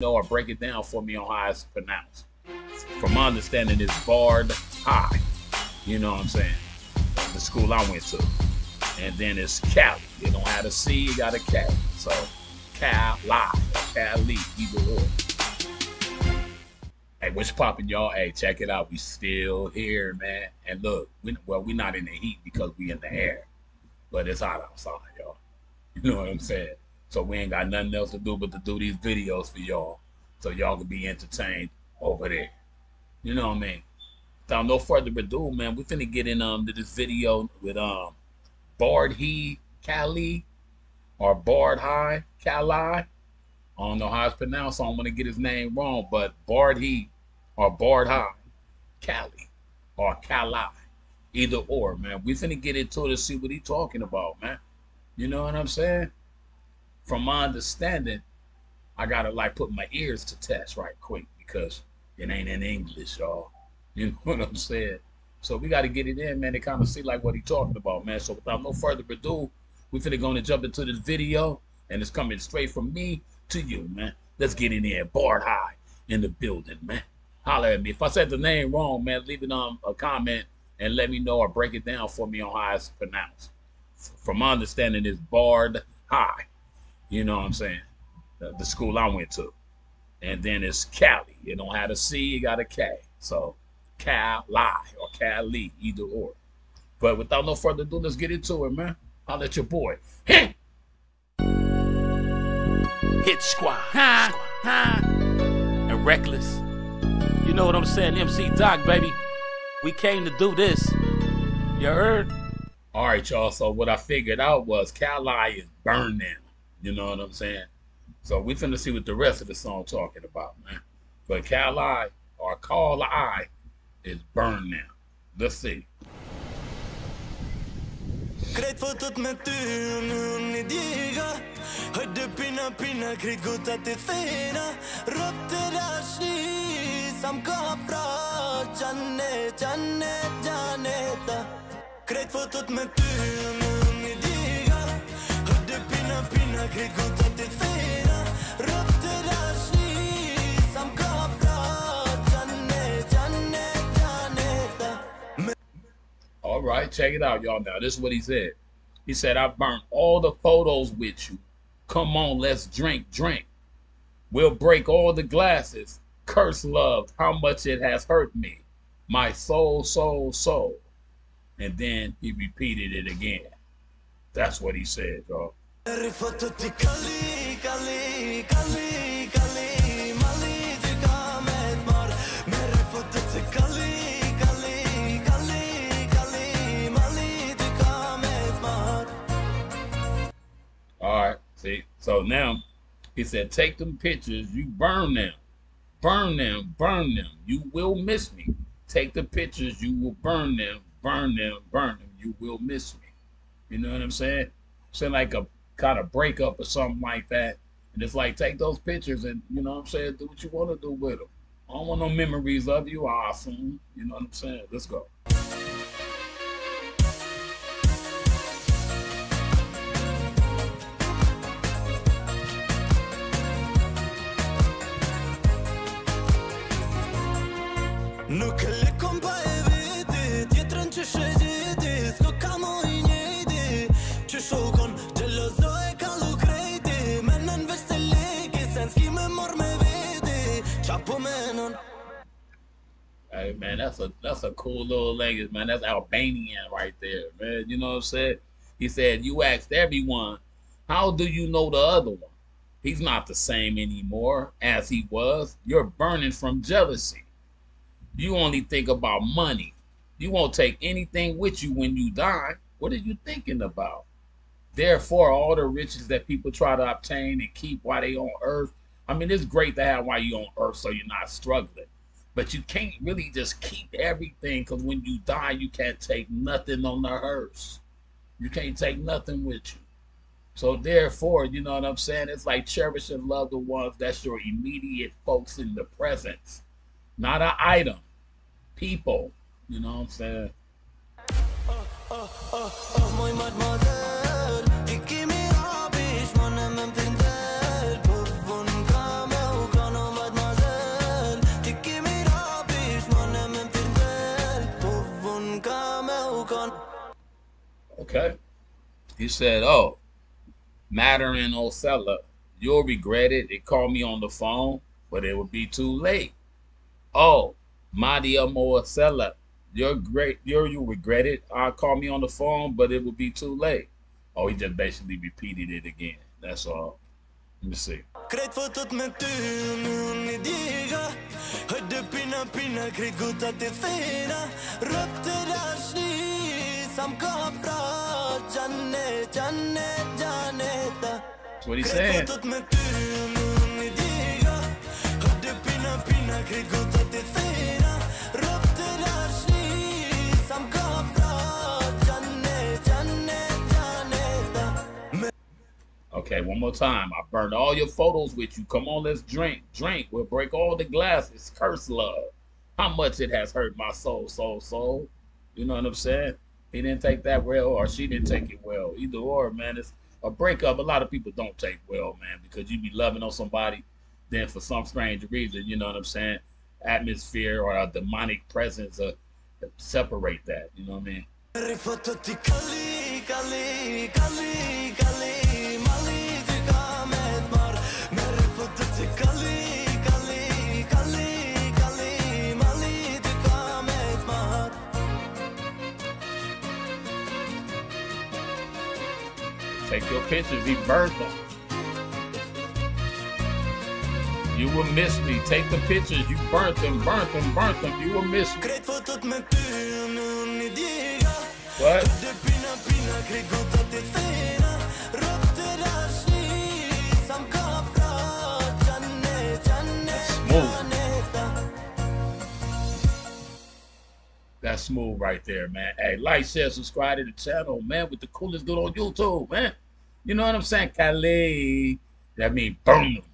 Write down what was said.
know or break it down for me on how it's pronounced. From my understanding, it's Bard High. You know what I'm saying? The school I went to. And then it's Cali. You don't have a C, you got a K. So Cali or Cali, either or. Hey, what's popping, y'all? Hey, check it out. We still here, man. And look, we, well, we're not in the heat because we in the air, but it's hot outside, y'all. You know what I'm saying? So we ain't got nothing else to do but to do these videos for y'all. So y'all can be entertained over there. You know what I mean? Without no further ado, man, we finna get in um to this video with um Bard He Cali or Bard High Cali. I don't know how it's pronounced, so I'm gonna get his name wrong, but Bard He or Bard High Cali or Cali. Either or, man. We finna get into it and see what he talking about, man. You know what I'm saying? from my understanding, I gotta like put my ears to test right quick because it ain't in English, y'all. You know what I'm saying? So we gotta get it in, man, to kind of see like what he talking about, man. So without no further ado, we finna gonna jump into this video, and it's coming straight from me to you, man. Let's get in there, Bard High in the building, man. Holler at me. If I said the name wrong, man, leave it on um, a comment and let me know or break it down for me on how it's pronounced. From my understanding, it's Bard High. You know what I'm saying? The, the school I went to. And then it's Cali. You don't have a C, you got a K. So Cali or Cali, either or. But without no further ado, let's get into it, man. I'll let your boy. Hit! Hit squad. Ha, ha. And reckless. You know what I'm saying? MC Doc, baby. We came to do this. You heard? All right, y'all. So what I figured out was Cali is burn now. You know what I'm saying? So we finna see what the rest of the song talking about, man. But Cal I or Call I is burned now. Let's see. Krejt fotot me ty një pina pina krejt thena të ka Qane, qane, qane ta Krejt fotot me ty all right, check it out, y'all. Now, this is what he said. He said, I burned all the photos with you. Come on, let's drink, drink. We'll break all the glasses. Curse love, how much it has hurt me. My soul, soul, soul. And then he repeated it again. That's what he said, y'all. All right, see, so now he said, take them pictures, you burn them. Burn them, burn them. You will miss me. Take the pictures, you will burn them, burn them, burn them. You will miss me. You know what I'm saying? So like a kind of breakup or something like that. And it's like, take those pictures and, you know what I'm saying, do what you want to do with them. I don't want no memories of you. Awesome. Ah, you know what I'm saying? Let's go. Hey man, that's a that's a cool little language, man. That's Albanian right there, man. You know what I'm saying? He said, You asked everyone, how do you know the other one? He's not the same anymore as he was. You're burning from jealousy. You only think about money. You won't take anything with you when you die. What are you thinking about? Therefore, all the riches that people try to obtain and keep while they on earth. I mean, it's great to have while you on earth so you're not struggling. But you can't really just keep everything because when you die, you can't take nothing on the hearse. You can't take nothing with you. So therefore, you know what I'm saying? It's like cherish and love the ones that's your immediate folks in the presence. Not an item. People. You know what I'm saying? Oh, oh, oh, Okay? He said, Oh, Matter and you'll regret it. It called me on the phone, but it would be too late. Oh, Madia Moasella, you're great. You're, you regret it. I called me on the phone, but it would be too late. Oh, he just basically repeated it again. That's all. Let me see. në pina pina some Janne, Janne, Janne. what he said. Okay, one more time. I burned all your photos with you. Come on, let's drink. Drink. We'll break all the glasses. Curse love. How much it has hurt my soul, soul, soul. You know what I'm saying? he didn't take that well or she didn't take it well. Either or, man, it's a breakup. A lot of people don't take well, man, because you be loving on somebody, then for some strange reason, you know what I'm saying? Atmosphere or a demonic presence uh, separate that. You know what I mean? take your pictures, even burn them. You will miss me. Take the pictures. You burnt them, burnt them, burnt them. You will miss me. What? That's smooth. That's smooth right there, man. Hey, like, share, subscribe to the channel, man, with the coolest dude on YouTube, man. You know what I'm saying? Calais. That means boom.